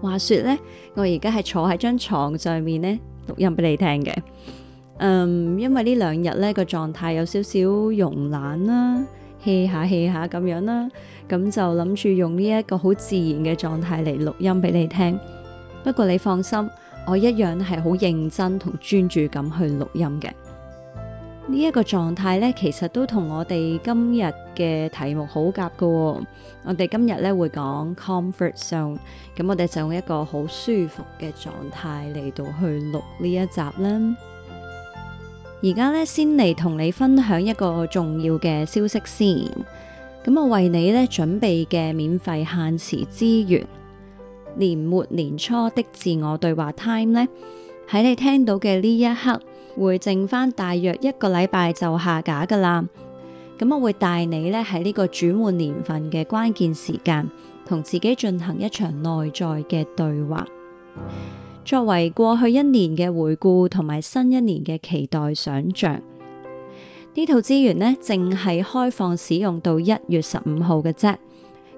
話説咧，我而家係坐喺張床上面咧錄音俾你聽嘅。嗯、um，因為呢兩日咧個狀態有少少慵懶啦，hea 下 hea 下咁樣啦，咁就諗住用呢一個好自然嘅狀態嚟錄音俾你聽。不過你放心，我一樣係好認真同專注咁去錄音嘅。呢一個狀態呢，其實都同我哋今日嘅題目好夾㗎。我哋今日呢會講 comfort zone，咁我哋就用一個好舒服嘅狀態嚟到去錄呢一集啦。而家呢，先嚟同你分享一個重要嘅消息先。咁我為你呢準備嘅免費限時資源，年末年初的自我對話 time 呢，喺你聽到嘅呢一刻，會剩翻大約一個禮拜就下架噶啦，咁我會帶你咧喺呢個轉換年份嘅關鍵時間，同自己進行一場內在嘅對話，作為過去一年嘅回顧同埋新一年嘅期待想象。呢套資源咧淨係開放使用到一月十五號嘅啫，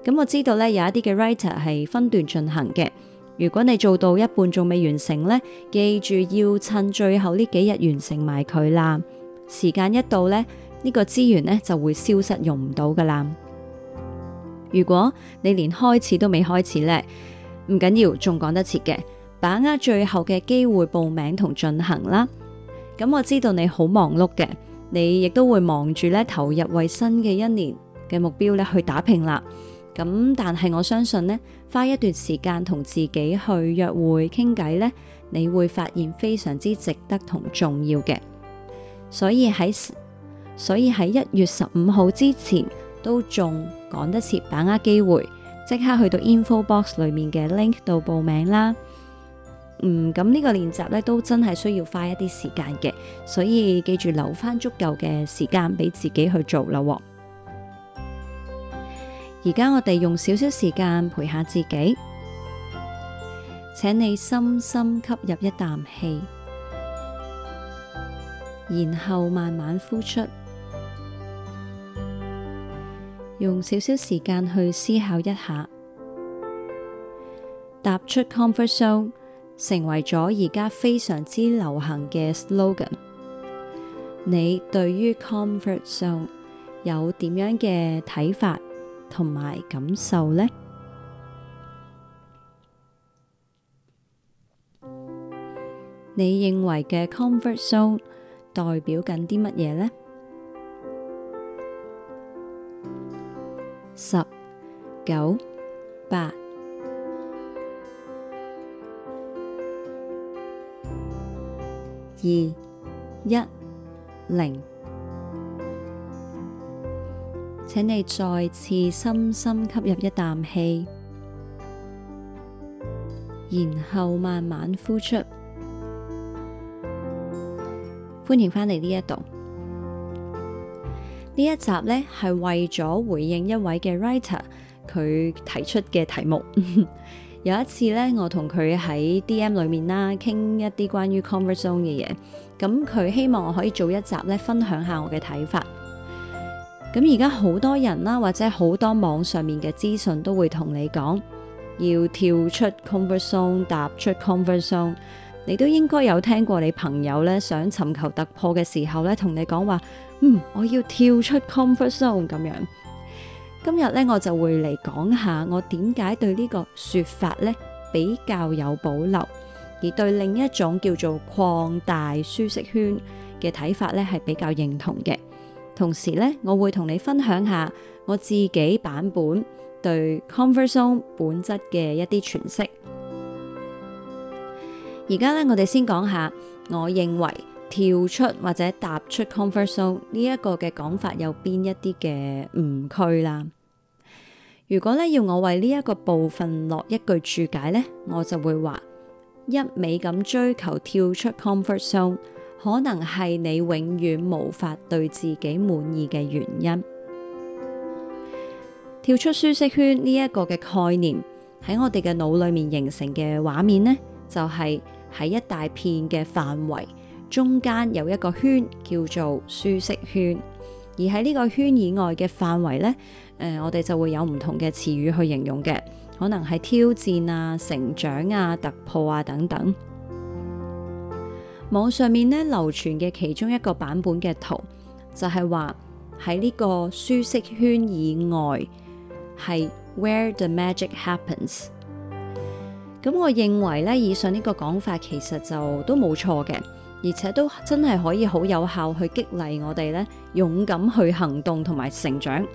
咁我知道咧有一啲嘅 writer 係分段進行嘅。如果你做到一半仲未完成呢，記住要趁最後呢幾日完成埋佢啦。時間一到呢，呢個資源呢就會消失，用唔到噶啦。如果你連開始都未開始呢，唔緊要，仲講得切嘅，把握最後嘅機會報名同進行啦。咁我知道你好忙碌嘅，你亦都會忙住呢投入為新嘅一年嘅目標呢去打拼啦。咁但係我相信呢，花一段時間同自己去約會傾偈呢，你會發現非常之值得同重要嘅。所以喺所以喺一月十五號之前都仲趕得切，把握機會即刻去到 info box 裏面嘅 link 度報名啦。嗯，咁呢個練習呢，都真係需要花一啲時間嘅，所以記住留翻足夠嘅時間俾自己去做啦。而家我哋用少少時間陪下自己，請你深深吸入一啖氣，然後慢慢呼出，用少少時間去思考一下，踏出 comfort zone 成為咗而家非常之流行嘅 slogan。你對於 comfort zone 有點樣嘅睇法？同埋感受呢，你認為嘅 comfort zone 代表緊啲乜嘢呢？十九八二一零。請你再次深深吸入一啖氣，然後慢慢呼出。歡迎返嚟呢一度。呢一集呢，係為咗回應一位嘅 writer 佢提出嘅題目。 有一次呢，我同佢喺 DM 裏面啦，傾一啲關於 Comfort Zone 嘅嘢。咁佢希望我可以做一集呢，分享下我嘅睇法。咁而家好多人啦，或者好多網上面嘅資訊都會同你講，要跳出 comfort zone，踏出 comfort zone。你都應該有聽過你朋友咧想尋求突破嘅時候咧，同你講話，嗯，我要跳出 comfort zone 咁樣。今日咧，我就會嚟講下我點解對呢個說法咧比較有保留，而對另一種叫做擴大舒適圈嘅睇法咧係比較認同嘅。同時咧，我會同你分享下我自己版本對 comfort zone 本質嘅一啲詮釋。而家咧，我哋先講下，我認為跳出或者踏出 comfort zone 呢一個嘅講法有邊一啲嘅誤區啦。如果咧要我為呢一個部分落一句注解咧，我就會話一味咁追求跳出 comfort zone，可能係你永遠無法對自己滿意嘅原因。跳出舒適圈呢一個嘅概念，喺我哋嘅腦裏面形成嘅畫面呢，就係、是、喺一大片嘅範圍，中間有一個圈叫做舒適圈，而喺呢個圈以外嘅範圍呢，誒、呃、我哋就會有唔同嘅詞語去形容嘅，可能係挑戰啊、成長啊、突破啊等等。網上面咧流傳嘅其中一個版本嘅圖，就係話喺呢個舒適圈以外，係 where the magic happens。咁我認為咧，以上呢個講法其實就都冇錯嘅，而且都真係可以好有效去激勵我哋咧，勇敢去行動同埋成長。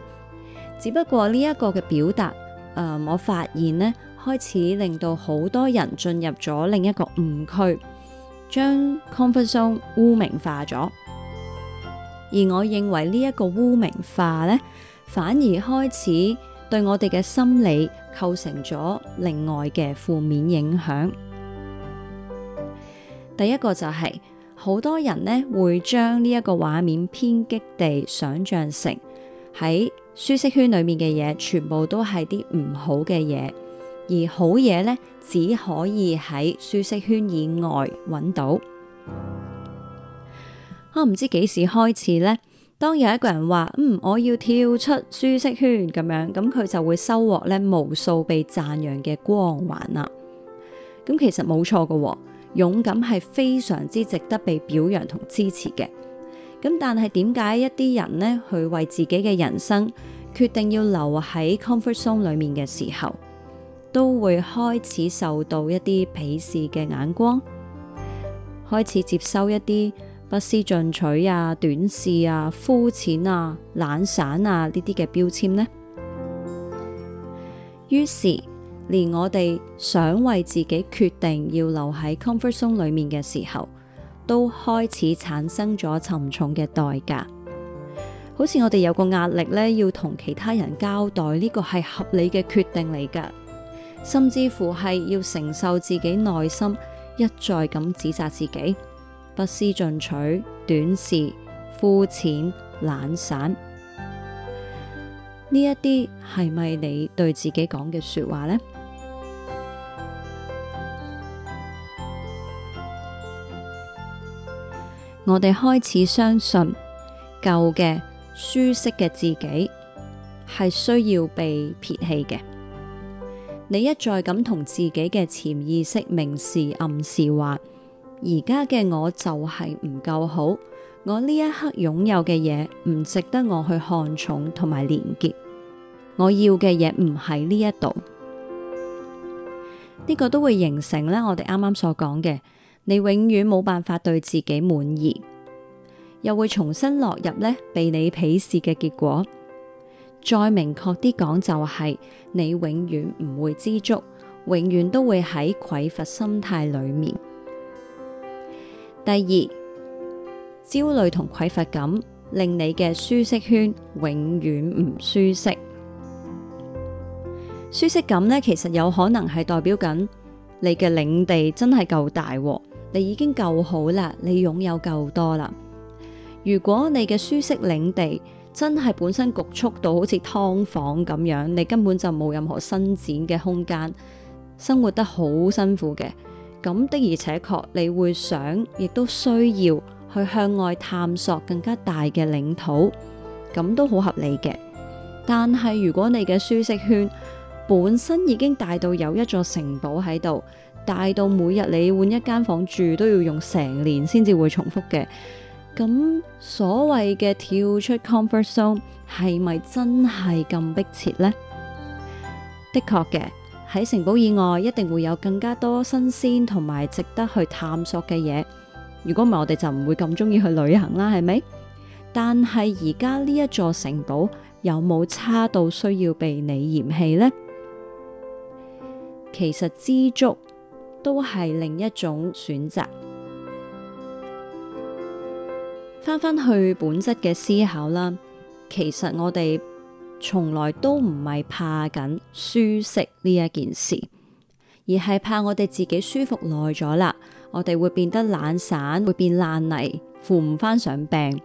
只不過呢一個嘅表達，誒、呃，我發現咧開始令到好多人進入咗另一個誤區。將 comfort zone 污名化咗，而我認為呢一個污名化咧，反而開始對我哋嘅心理構成咗另外嘅負面影響。第一個就係，好多人呢會將呢一個畫面偏激地想象成喺舒適圈裏面嘅嘢，全部都係啲唔好嘅嘢。而好嘢咧，只可以喺舒適圈以外揾到。我、啊、唔知幾時開始咧，當有一個人話嗯，我要跳出舒適圈咁樣，咁佢就會收穫咧無數被讚揚嘅光環啦。咁、啊、其實冇錯嘅，勇敢係非常之值得被表揚同支持嘅。咁、啊、但係點解一啲人呢，去為自己嘅人生決定要留喺 Comfort Zone 裏面嘅時候，都會開始受到一啲鄙視嘅眼光，開始接收一啲不思進取啊、短視啊、膚淺啊、懶散啊呢啲嘅標籤呢。於是，連我哋想為自己決定要留喺 comfort zone 裏面嘅時候，都開始產生咗沉重嘅代價。好似我哋有個壓力咧，要同其他人交代呢、呢個係合理嘅決定嚟噶。甚至乎係要承受自己內心一再咁指責自己，不思進取、短視、膚淺、懶散，呢一啲係咪你對自己講嘅說話呢？我哋開始相信舊嘅舒適嘅自己係需要被撇棄嘅。你一再咁同自己嘅潛意識明示、暗示話而家嘅我就係唔夠好，我呢一刻擁有嘅嘢唔值得我去看重同埋連結，我要嘅嘢唔喺呢一度，呢 個都會形成呢。我哋啱啱所講嘅，你永遠冇辦法對自己滿意，又會重新落入呢被你鄙視嘅結果。再明確啲講，就係你永遠唔會知足，永遠都會喺匱乏心態裏面。第二，焦慮同匱乏感令你嘅舒適圈永遠唔舒適。舒適感呢，其實有可能係代表緊你嘅領地真係夠大，你已經夠好啦，你擁有夠多啦。如果你嘅舒適領地，真係本身局促到好似㓥房咁樣，你根本就冇任何伸展嘅空間，生活得好辛苦嘅。咁的而且確，你會想亦都需要去向外探索更加大嘅領土，咁都好合理嘅。但係如果你嘅舒適圈本身已經大到有一座城堡喺度，大到每日你換一間房住都要用成年先至會重複嘅。咁所謂嘅跳出 comfort zone 係咪真係咁迫切呢？的確嘅，喺城堡以外一定會有更加多新鮮同埋值得去探索嘅嘢。如果唔係，我哋就唔會咁中意去旅行啦，係咪？但係而家呢一座城堡有冇差到需要被你嫌棄呢？其實知足都係另一種選擇。翻返去本質嘅思考啦，其實我哋從來都唔係怕緊舒適呢一件事，而係怕我哋自己舒服耐咗啦，我哋會變得懶散，會變爛泥，扶唔翻上病。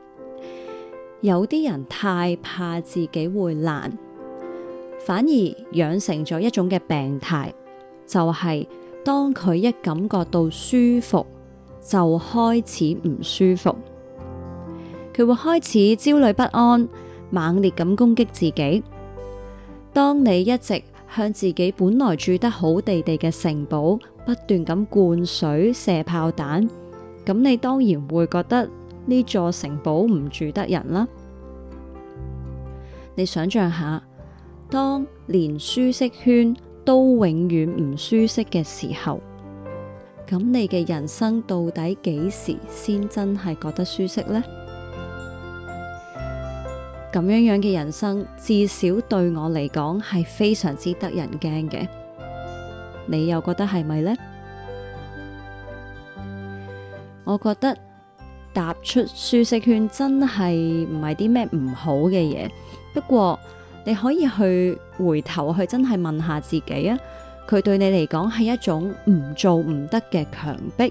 有啲人太怕自己會爛，反而養成咗一種嘅病態，就係當佢一感覺到舒服，就開始唔舒服。佢會開始焦慮不安，猛烈咁攻擊自己。當你一直向自己本來住得好地地嘅城堡不斷咁灌水射炮彈，咁你當然會覺得呢座城堡唔住得人啦。你想象下，當連舒適圈都永遠唔舒適嘅時候，咁你嘅人生到底幾時先真係覺得舒適呢？咁樣樣嘅人生，至少對我嚟講係非常之得人驚嘅。你又覺得係咪呢？我覺得踏出舒適圈真係唔係啲咩唔好嘅嘢，不過你可以去回頭去真係問下自己啊，佢對你嚟講係一種唔做唔得嘅強迫。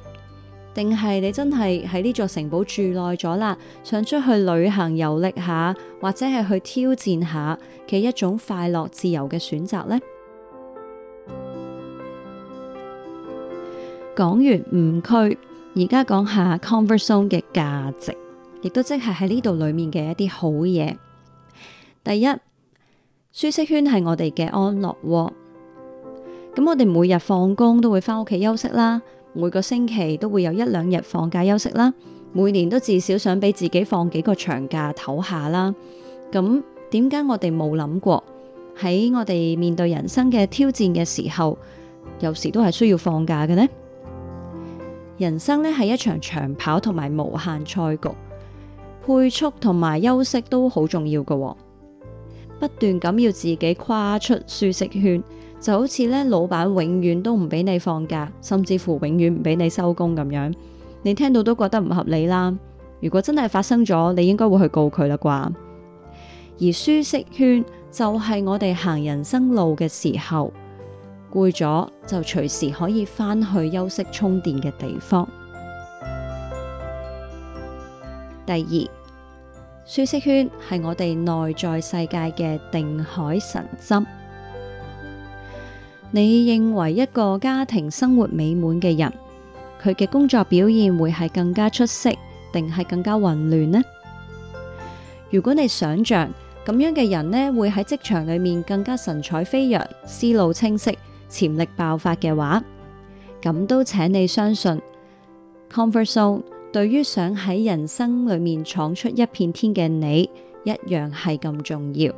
定係你真係喺呢座城堡住耐咗啦，想出去旅行遊歷下，或者係去挑戰下嘅一種快樂自由嘅選擇呢？講完誤區，而家講下 comfort zone 嘅價值，亦都即係喺呢度裏面嘅一啲好嘢。第一，舒適圈係我哋嘅安樂窩啊。咁我哋每日放工都會翻屋企休息啦。每個星期都會有一兩日放假休息啦，每年都至少想俾自己放幾個長假唞下啦。咁點解我哋冇諗過喺我哋面對人生嘅挑戰嘅時候，有時都係需要放假嘅呢？人生咧係一場長跑同埋無限賽局，配速同埋休息都好重要㗎喎，不斷咁要自己跨出舒適圈。就好似咧，老闆永遠都唔俾你放假，甚至乎永遠唔俾你收工咁樣，你聽到都覺得唔合理啦。如果真係發生咗，你應該會去告佢啦啩。而舒適圈就係我哋行人生路嘅時候，攰咗就隨時可以翻去休息充電嘅地方。第二，舒適圈係我哋內在世界嘅定海神針。你認為一個家庭生活美滿嘅人，佢嘅工作表現會係更加出色，定係更加混亂呢？如果你想象咁樣嘅人呢，會喺職場裏面更加神采飛揚、思路清晰、潛力爆發嘅話，咁都請你相信，Comfort Zone 對於想喺人生裏面闖出一片天嘅你，一樣係咁重要。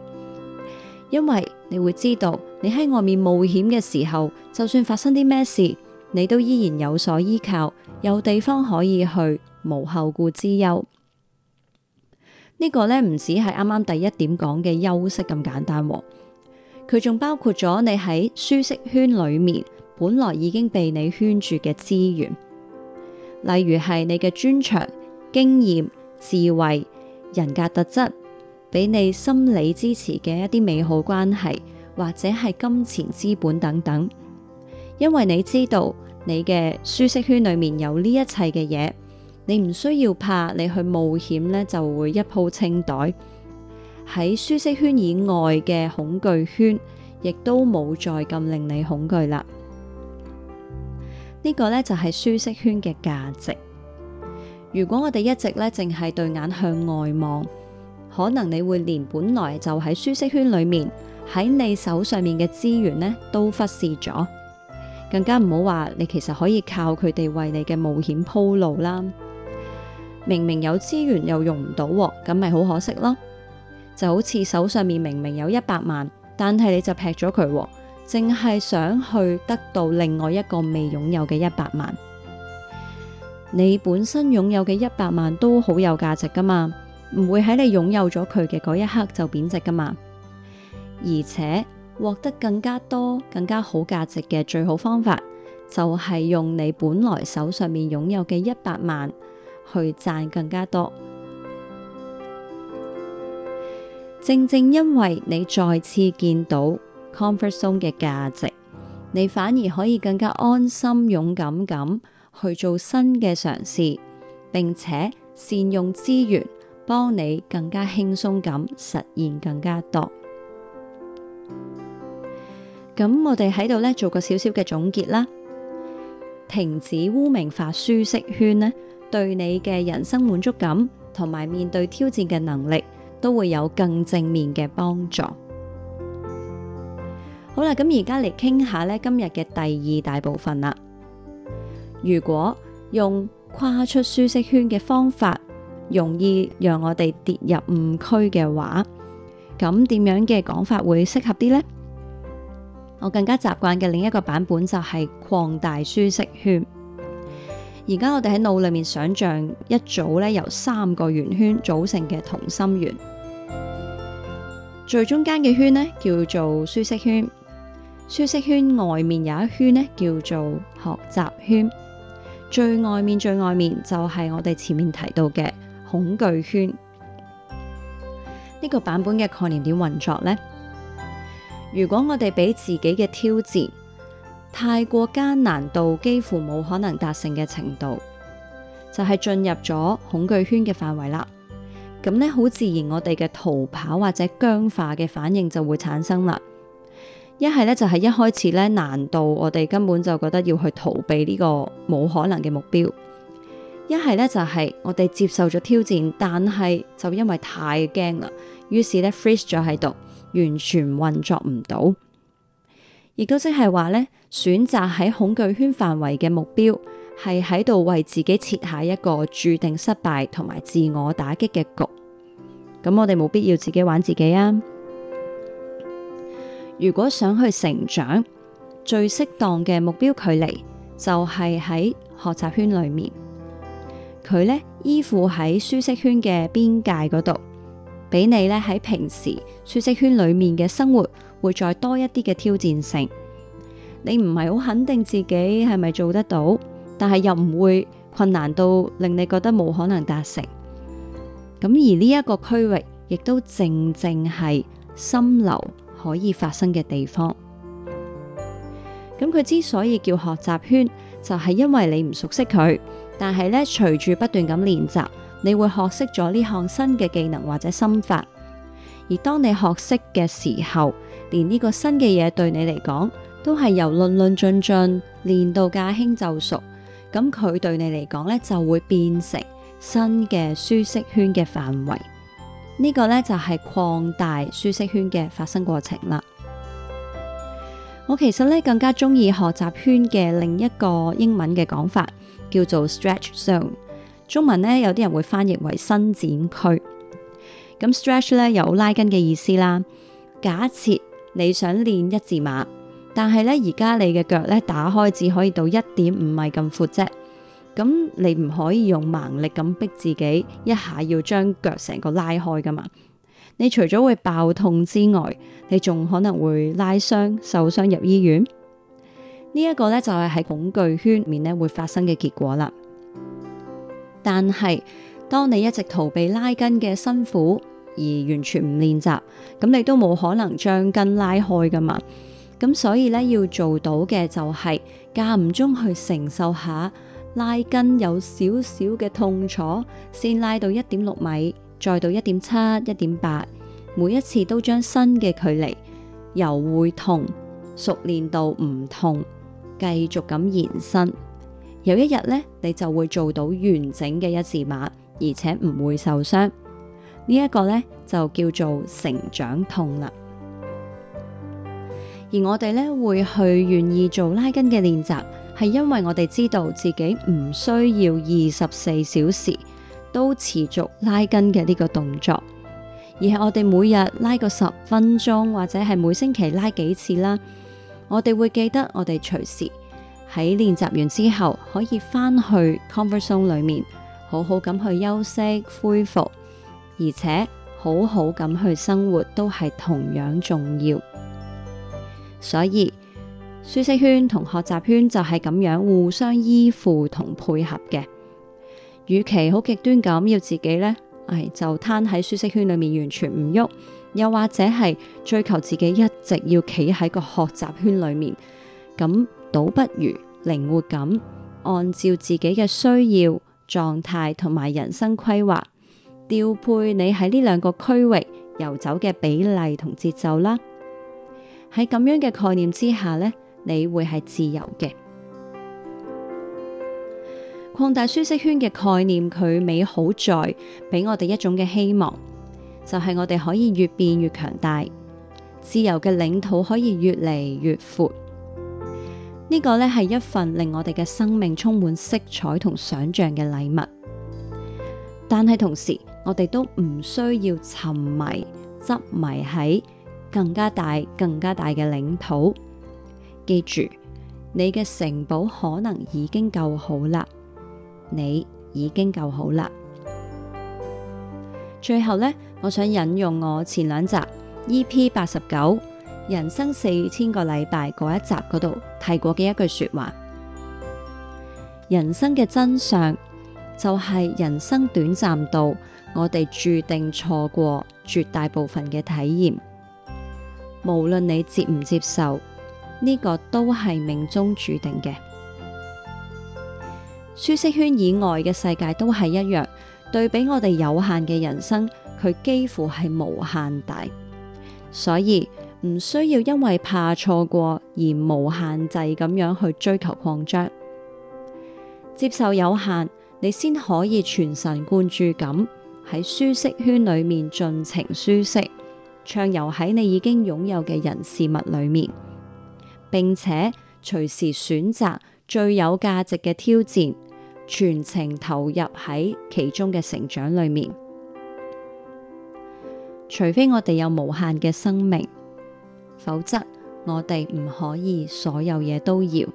因為你會知道，你喺外面冒險嘅時候，就算發生啲咩事，你都依然有所依靠，有地方可以去，無後顧之憂。呢個呢，唔止係啱啱第一點講嘅休息咁簡單，哦，佢仲包括咗你喺舒適圈裏面本來已經被你圈住嘅資源，例如係你嘅專長、經驗、智慧、人格特質，俾你心理支持嘅一啲美好關係，或者係金錢資本等等，因為你知道你嘅舒適圈裏面有呢一切嘅嘢，你唔需要怕你去冒險呢，就會一鋪清袋。喺舒適圈以外嘅恐懼圈，亦都冇再咁令你恐懼啦。呢個呢，就係舒適圈嘅價值。如果我哋一直呢，淨係對眼向外望。可能你會連本來就喺舒適圈裏面喺你手上面嘅資源呢，都忽視咗，更加唔好話你其實可以靠佢哋為你嘅冒險鋪路啦。明明有資源又用唔到喎，咁咪好可惜咯。就好似手上面明明有一百萬，但係你就劈咗佢喎，淨係想去得到另外一個未擁有嘅一百萬。你本身擁有嘅一百萬都好有價值㗎嘛。唔會喺你擁有咗佢嘅嗰一刻就貶值噶嘛，而且獲得更加多、更加好價值嘅最好方法就係用你本來手上面擁有嘅一百萬去賺更加多。正正因為你再次見到 Comfort Zone 嘅價值，你反而可以更加安心、勇敢咁去做新嘅嘗試，並且善用資源。幫你更加輕鬆咁實現更加多。咁我哋喺度呢做個小小嘅總結啦。停止污名化舒適圈呢，對你嘅人生滿足感同埋面對挑戰嘅能力都會有更正面嘅幫助。好啦，咁而家嚟傾下呢今日嘅第二大部分啦。如果用跨出舒適圈嘅方法。容易讓我哋跌入誤區嘅話，咁點樣嘅講法會適合啲呢？我更加習慣嘅另一個版本就係擴大舒適圈。而家我哋喺腦裏面想象一組咧，由三個圓圈組成嘅同心圓，最中間嘅圈呢，叫做舒適圈，舒適圈外面有一圈呢，叫做學習圈，最外面最外面就係我哋前面提到嘅恐懼圈呢、這個版本嘅概念點運作呢？如果我哋俾自己嘅挑戰太過艱難到幾乎冇可能達成嘅程度，就係、是、進入咗恐懼圈嘅範圍啦。咁咧，好自然我哋嘅逃跑或者僵化嘅反應就會產生啦。一係咧就係、是、一開始咧難度，我哋根本就覺得要去逃避呢個冇可能嘅目標。一係咧就係我哋接受咗挑戰，但係就因為太驚啦，於是咧 freeze 咗喺度，完全運作唔到，亦都即係話咧選擇喺恐懼圈範圍嘅目標，係喺度為自己設下一個注定失敗同埋自我打擊嘅局。咁我哋冇必要自己玩自己啊！如果想去成長，最適當嘅目標距離就係喺學習圈裏面。佢咧依附喺舒適圈嘅邊界嗰度，俾你咧喺平時舒適圈裏面嘅生活，會再多一啲嘅挑戰性。你唔係好肯定自己係咪做得到，但係又唔會困難到令你覺得冇可能達成。咁而呢一個區域，亦都正正係心流可以發生嘅地方。咁佢之所以叫學習圈，就係因為你唔熟悉佢，但係咧隨住不斷咁練習，你會學識咗呢項新嘅技能或者心法。而當你學識嘅時候，連呢個新嘅嘢對你嚟講，都係由論論盡盡練到駕輕就熟。咁佢對你嚟講咧，就會變成新嘅舒適圈嘅範圍。這個、呢個咧就係、是、擴大舒適圈嘅發生過程啦。我其實咧更加中意學習圈嘅另一個英文嘅講法，叫做 stretch zone。中文咧有啲人會翻譯為伸展區。咁 stretch 咧有拉筋嘅意思啦。假設你想練一字馬，但係咧而家你嘅腳咧打開只可以到一點五米咁闊啫。咁你唔可以用盲力咁逼自己，一下要將腳成個拉開㗎嘛。你除咗會爆痛之外，你仲可能會拉傷、受傷入醫院。呢、這、一個咧就係喺恐懼圈面咧會發生嘅結果啦。但係當你一直逃避拉筋嘅辛苦而完全唔練習，咁你都冇可能將筋拉開噶嘛。咁所以咧要做到嘅就係間唔中去承受下拉筋有少少嘅痛楚，先拉到一點六米。再到一點七、一點八，每一次都將新嘅距離由會痛，熟練到唔痛，繼續咁延伸。有一日呢，你就會做到完整嘅一字馬，而且唔會受傷。呢一個呢，就叫做成長痛啦。而我哋呢，會去願意做拉筋嘅練習，係因為我哋知道自己唔需要二十四小時。都持續拉筋嘅呢個動作，而係我哋每日拉個十分鐘，或者係每星期拉幾次啦。我哋會記得我哋隨時喺練習完之後，可以翻去 comfort zone 裡面好好咁去休息恢復，而且好好咁去生活都係同樣重要。所以舒適圈同學習圈就係咁樣互相依附同配合嘅。與其好極端咁要自己咧，誒、哎、就攤喺舒適圈裏面完全唔喐，又或者係追求自己一直要企喺個學習圈裏面，咁倒不如靈活咁，按照自己嘅需要、狀態同埋人生規劃，調配你喺呢兩個區域遊走嘅比例同節奏啦。喺咁樣嘅概念之下咧，你會係自由嘅。擴大舒適圈嘅概念，佢美好在俾我哋一種嘅希望，就係、是，我哋可以越變越強大，自由嘅領土可以越嚟越闊。呢、這個呢係一份令我哋嘅生命充滿色彩同想象嘅禮物。但係同時，我哋都唔需要沉迷執迷喺更加大、更加大嘅領土。記住，你嘅城堡可能已經夠好啦。你已經夠好啦。最後呢，我想引用我前兩集 EP 八十九《人生四千個禮拜》嗰一集嗰度提過嘅一句說話：人生嘅真相就係人生短暫度，我哋注定錯過絕大部分嘅體驗，無論你接唔接受，呢個都係命中注定嘅。舒適圈以外嘅世界都係一樣，對比我哋有限嘅人生，佢幾乎係無限大。所以唔需要因為怕錯過而無限制咁樣去追求擴張，接受有限，你先可以全神貫注咁喺舒適圈裏面盡情舒適，暢遊喺你已經擁有嘅人事物裏面，並且隨時選擇最有價值嘅挑戰。全程投入喺其中嘅成長裏面，除非我哋有無限嘅生命，否則我哋唔可以所有嘢都要，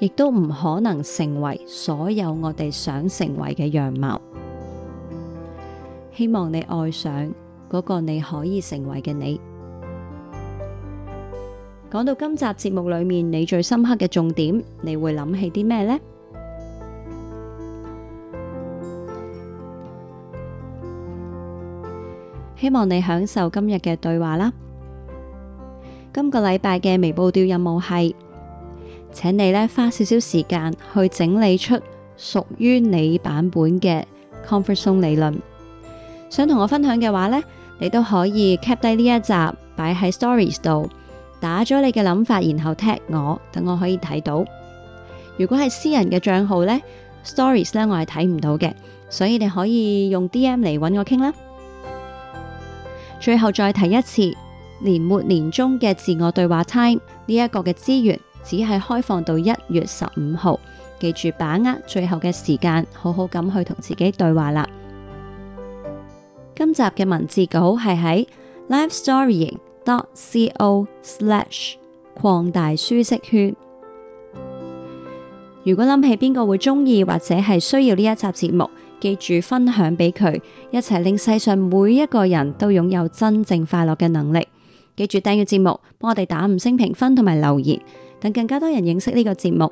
亦都唔可能成為所有我哋想成為嘅樣貌。希望你愛上嗰個你可以成為嘅你。講到今集節目裏面，你最深刻嘅重點，你會諗起啲咩呢？希望你享受今日嘅對話啦。今個禮拜嘅微布吊任務係，請你咧，花少少時間去整理出屬於你版本嘅 Comfort Zone 理論。想同我分享嘅話呢，你都可以 cap 低呢一集擺喺 Stories 度，打咗你嘅諗法，然後 tag 我，等我可以睇到。如果係私人嘅賬號呢 s t o r i e s 呢，我係睇唔到嘅，所以你可以用 D M 嚟搵我傾啦。最後再提一次，年末年初嘅自我對話 time 呢一個嘅資源只係開放到一月十五號，記住把握最後嘅時間，好好咁去同自己對話啦。今集嘅文字稿係喺 lifestorying.co/slash 擴大舒適圈。如果諗起邊個會中意或者係需要呢一集節目？記住分享俾佢，一齊令世上每一個人都擁有真正快樂嘅能力。記住訂閱節目，幫我哋打五星評分同埋留言，等更加多人認識呢個節目。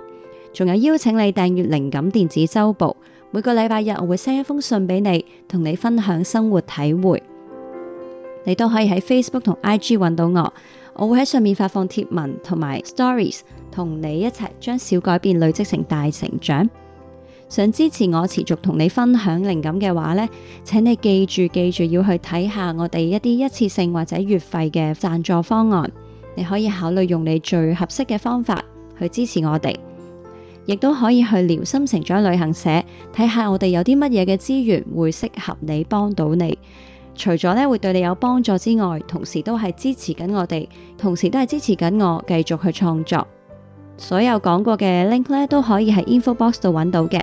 仲有邀請你訂閱靈感電子周報，每個禮拜日我會 send 一封信俾你，同你分享生活體會。你都可以喺 Facebook 同 IG 揾到我，我會喺上面發放貼文同埋 stories，同你一齊將小改變累積成大成長。想支持我持續同你分享靈感嘅話呢，請你記住記住要去睇下我哋一啲一次性或者月費嘅贊助方案，你可以考慮用你最合適嘅方法去支持我哋，亦都可以去療心成長旅行社睇下我哋有啲乜嘢嘅資源會適合你幫到你。除咗呢會對你有幫助之外，同時都係支持緊我哋，同時都係支持緊我繼續去創作。所有講過嘅 link 咧都可以喺 info box 度搵到嘅。